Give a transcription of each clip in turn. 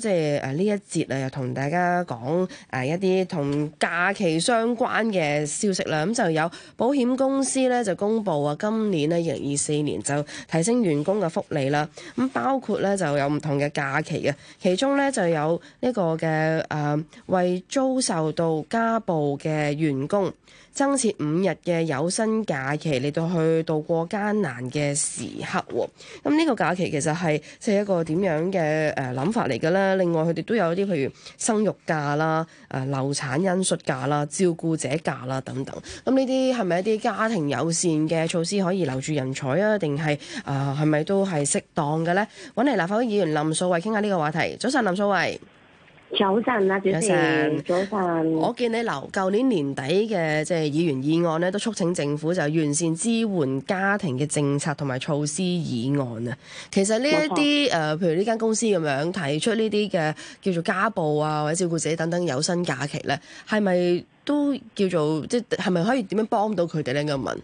即係誒呢一節啊，又同大家講誒一啲同假期相關嘅消息啦。咁就有保險公司咧就公布啊，今年咧二零二四年就提升員工嘅福利啦。咁包括咧就有唔同嘅假期嘅，其中咧就有呢個嘅誒為遭受到家暴嘅員工增設五日嘅有薪假期嚟到去度過艱難嘅時刻。咁呢個假期其實係即係一個點樣嘅誒諗法嚟嘅咧？另外，佢哋都有一啲譬如生育假啦、誒、呃、流產因素假啦、照顧者假啦等等。咁呢啲係咪一啲家庭友善嘅措施，可以留住人才啊？定係誒係咪都係適當嘅咧？搵嚟立法會議員林素蔚傾下呢個話題。早晨，林素蔚。早晨，啊、主席，早晨，啊，早晨早晨。我見你留舊年年底嘅即係議員議案咧，都促請政府就完善支援家庭嘅政策同埋措施議案啊。其實呢一啲誒錯、呃，譬如呢間公司咁樣提出呢啲嘅叫做家暴啊或者照顧者等等有薪假期咧，係咪都叫做即係咪可以點樣幫到佢哋咧？咁問。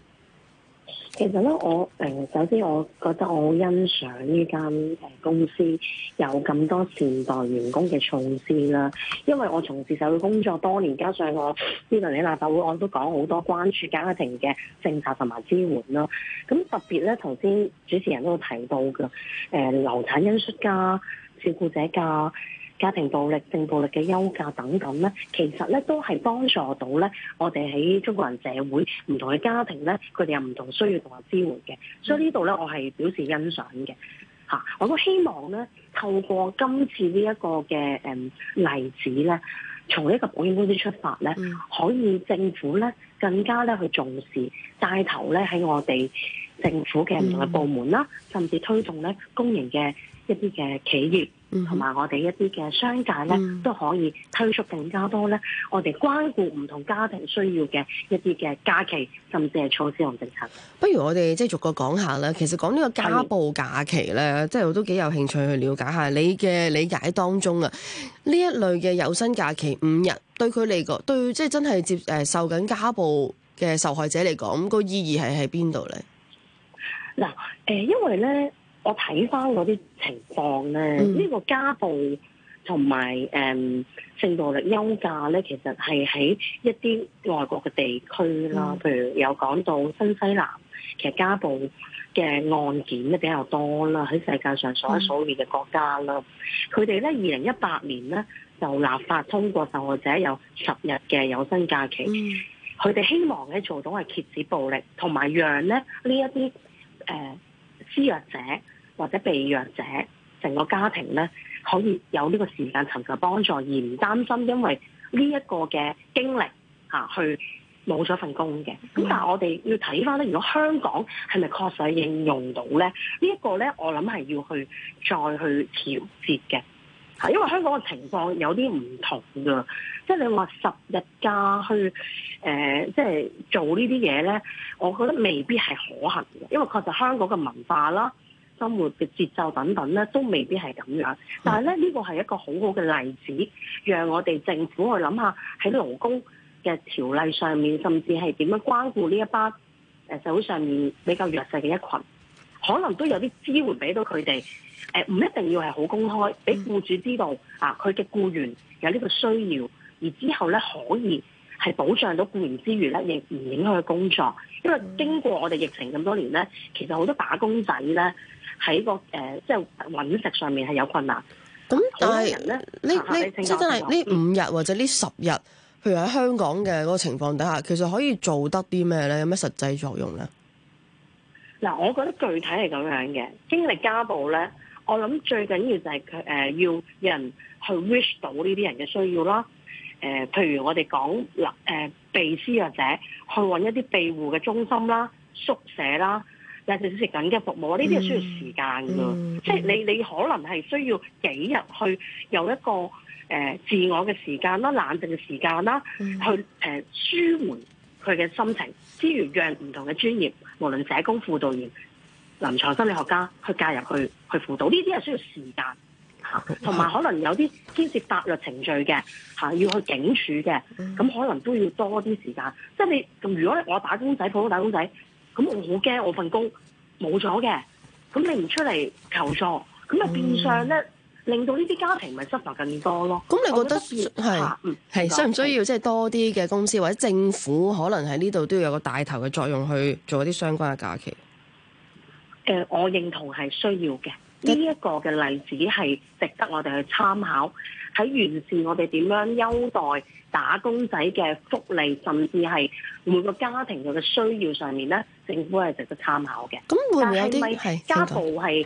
其實咧，我誒、嗯、首先我覺得我好欣賞呢間公司有咁多善待員工嘅措施啦，因為我從事社會工作多年，加上我呢輪嘅立法會我都講好多關注家庭嘅政策同埋支援囉。咁特別咧，頭先主持人都提到㗎，誒、嗯，流產因素家照顧者家、家庭暴力、性暴力嘅休假等等咧，其實咧都係幫助到咧我哋喺中國人社會唔同嘅家庭咧，佢哋有唔同需要同埋支援嘅，所以呢度咧我係表示欣賞嘅。嚇，我都希望咧透過今次呢一個嘅誒例子咧，從呢個保險公司出發咧，可以政府咧更加咧去重視，帶頭咧喺我哋政府嘅唔同嘅部門啦，甚至推動咧公營嘅一啲嘅企業。同埋我哋一啲嘅商界咧，都可以推出更加多咧，我哋關顧唔同家庭需要嘅一啲嘅假期，甚至係措施同政策。不如我哋即係逐個講下啦。其實講呢個家暴假期咧，即係的我都幾有興趣去了解下你嘅理解當中啊。呢一類嘅有薪假期五日，對佢嚟講，對即係真係接誒受緊家暴嘅受害者嚟講，個意義係喺邊度咧？嗱，誒，因為咧。我睇翻嗰啲情況咧，呢、嗯、個家暴同埋誒性暴力休假咧，其實係喺一啲外國嘅地區啦。嗯、譬如有講到新西蘭，其實家暴嘅案件咧比較多啦，喺世界上數一數二嘅國家啦。佢哋咧，二零一八年咧就立法通過受害者有十日嘅有薪假期。佢哋、嗯、希望咧做到係遏止暴力，同埋讓咧呢這一啲誒。呃施虐者或者被虐者，成個家庭咧可以有呢個時間尋求幫助，而唔擔心因為呢一個嘅經歷吓，去冇咗份工嘅。咁但係我哋要睇返咧，如果香港係咪確實應用到咧，呢一個咧，我諗係要去再去調節嘅。因為香港嘅情況有啲唔同㗎，即係你話十日假去誒，即、呃、係、就是、做這些呢啲嘢咧，我覺得未必係可行嘅，因為確實香港嘅文化啦、生活嘅節奏等等咧，都未必係咁樣。但係咧，呢個係一個很好好嘅例子，讓我哋政府去諗下喺勞工嘅條例上面，甚至係點樣關顧呢一班誒社會上面比較弱勢嘅一群。可能都有啲支援俾到佢哋，誒唔一定要係好公開，俾僱主知道啊，佢嘅僱員有呢個需要，而之後咧可以係保障到僱員之餘咧，亦唔影響佢工作。因為經過我哋疫情咁多年咧，其實好多打工仔咧喺、嗰個誒即係揾食上面係有困難。咁但係是呢呢即真係呢五日或者呢十日，嗯、譬如喺香港嘅嗰個情況底下，其實可以做得啲咩咧？有咩實際作用咧？嗱，我覺得具體係咁樣嘅，經歷家暴咧，我諗最緊要就係佢誒要有人去 reach 到呢啲人嘅需要啦。誒、呃，譬如我哋講嗱，誒被施虐者去揾一啲庇護嘅中心啦、宿舍啦，有啲少少緊急服務，呢啲係需要時間㗎。嗯嗯、即係你你可能係需要幾日去有一個誒、呃、自我嘅時間啦、冷靜嘅時間啦，嗯、去誒、呃、舒緩佢嘅心情，之餘讓唔同嘅專業。無論社工、輔導員、臨床心理學家去介入去、去去輔導，呢啲係需要時間吓，同埋可能有啲牽涉法律程序嘅吓、啊，要去警署嘅，咁可能都要多啲時間。即係你，如果我打工仔、普通打工仔，咁我好驚我份工冇咗嘅，咁你唔出嚟求助，咁啊變相咧。嗯令到呢啲家庭咪失埋更多咯？咁你覺得係，係需唔需要即係、就是，多啲嘅公司或者政府可能喺呢度都要有個帶頭嘅作用去做一啲相關嘅假期？誒、呃，我認同係需要嘅。呢、這、一個嘅例子係值得我哋去參考，喺完善我哋點樣優待打工仔嘅福利，甚至係每個家庭嘅需要上面咧，政府係值得參考嘅。咁會唔會有啲係家暴係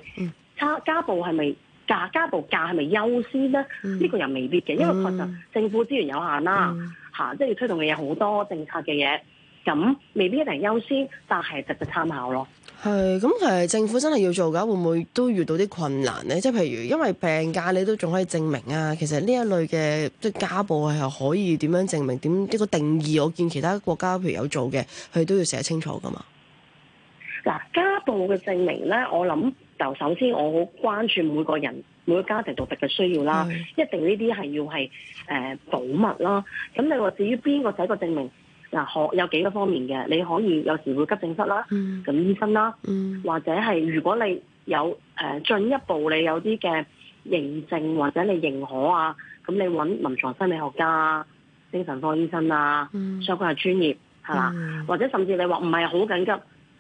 差家暴係咪？家家暴假係咪優先咧？呢、嗯、個又未必嘅，因為確實政府資源有限啦，嚇、嗯，即係要推動嘅嘢好多政策嘅嘢，咁未必一定係優先，但係值得參考咯。係，咁其實政府真係要做嘅，會唔會都遇到啲困難咧？即係譬如因為病假，你都仲可以證明啊。其實呢一類嘅即係家暴係可以點樣證明？點、這、呢個定義？我見其他國家譬如有做嘅，佢都要寫清楚噶嘛。嗱，家暴嘅證明咧，我諗。就首先我好關注每個人每個家庭獨特嘅需要啦，的一定呢啲係要係誒、呃、保密啦。咁你話至於邊個寫個證明，嗱、啊、有幾個方面嘅，你可以有時會急症室啦，咁、嗯、醫生啦，嗯、或者係如果你有誒、呃、進一步你有啲嘅認證或者你認可啊，咁你揾臨床心理學家、精神科醫生啊，相關係專業係嘛？的的或者甚至你話唔係好緊急，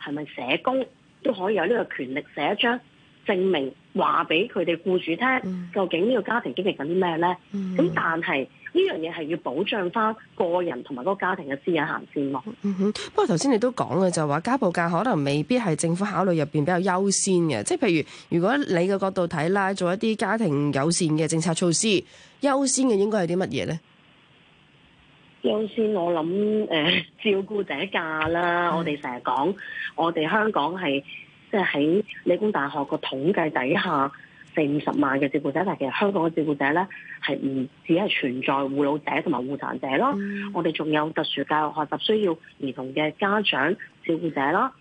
係咪社工？都可以有呢個權力，寫一張證明，話俾佢哋雇主聽，究竟呢個家庭經歷緊啲咩呢？咁、mm hmm. 但係呢樣嘢係要保障翻個人同埋嗰個家庭嘅私隱行先咯。哼、mm，hmm. 不過頭先你都講嘅就話家暴假可能未必係政府考慮入邊比較優先嘅，即係譬如如果你嘅角度睇啦，做一啲家庭友善嘅政策措施，優先嘅應該係啲乜嘢呢？首先，我諗誒、呃、照顧者假啦、mm.，我哋成日講，我哋香港係即係喺理工大學個統計底下四五十萬嘅照顧者，但其實香港嘅照顧者咧係唔只係存在護老者同埋護殘者咯，mm. 我哋仲有特殊教育學習需要兒童嘅家長照顧者啦，誒、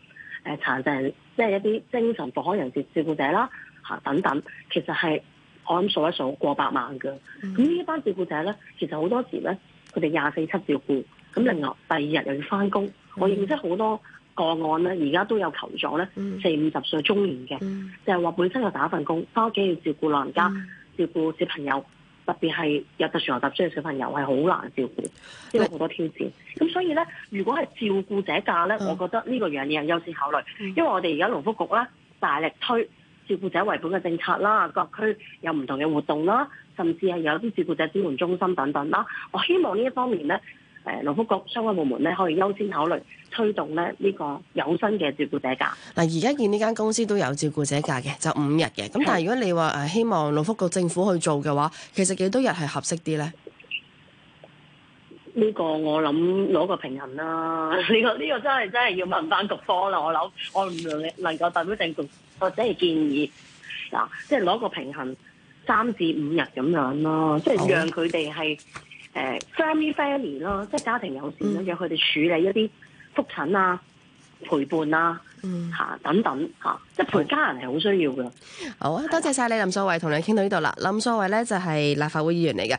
呃、殘疾人，即、就、係、是、一啲精神復康人士照顧者啦，嚇等等，其實係我諗數一數過百萬嘅，咁呢一班照顧者咧，其實好多時咧。佢哋廿四七照顧，咁另外第二日又要翻工。我認識好多個案咧，而家都有求助咧，四五十歲中年嘅，嗯嗯、就係話本身就打份工，翻屋企要照顧老人家、嗯、照顧小朋友，特別係有特殊學習需要小朋友，係好難照顧，即係好多挑戰。咁所以咧，如果係照顧者假咧，我覺得呢個樣嘢係優先考慮，因為我哋而家勞福局咧大力推。照顧者為本嘅政策啦，各區有唔同嘅活動啦，甚至係有啲照顧者支援中心等等啦。我希望呢一方面咧，誒勞福局相關部門咧可以優先考慮推動咧呢個有薪嘅照顧者假。嗱，而家見呢間公司都有照顧者假嘅，就五日嘅。咁但係如果你話誒希望勞福局政府去做嘅話，其實幾多日係合適啲呢？呢個我諗攞個平衡啦。呢個呢個真係真係要問翻局方啦。我諗我唔能能夠代表政府。或者係建議，嗱，即係攞個平衡三至五日咁樣咯，即係讓佢哋係誒 family friendly 咯，即係家庭友善，嗯，讓佢哋處理一啲復診啊、陪伴啊、嚇等等嚇，即係陪家人係好需要嘅。好啊，多謝晒你，林素蔚，同你傾到呢度啦。林素蔚咧就係立法會議員嚟嘅。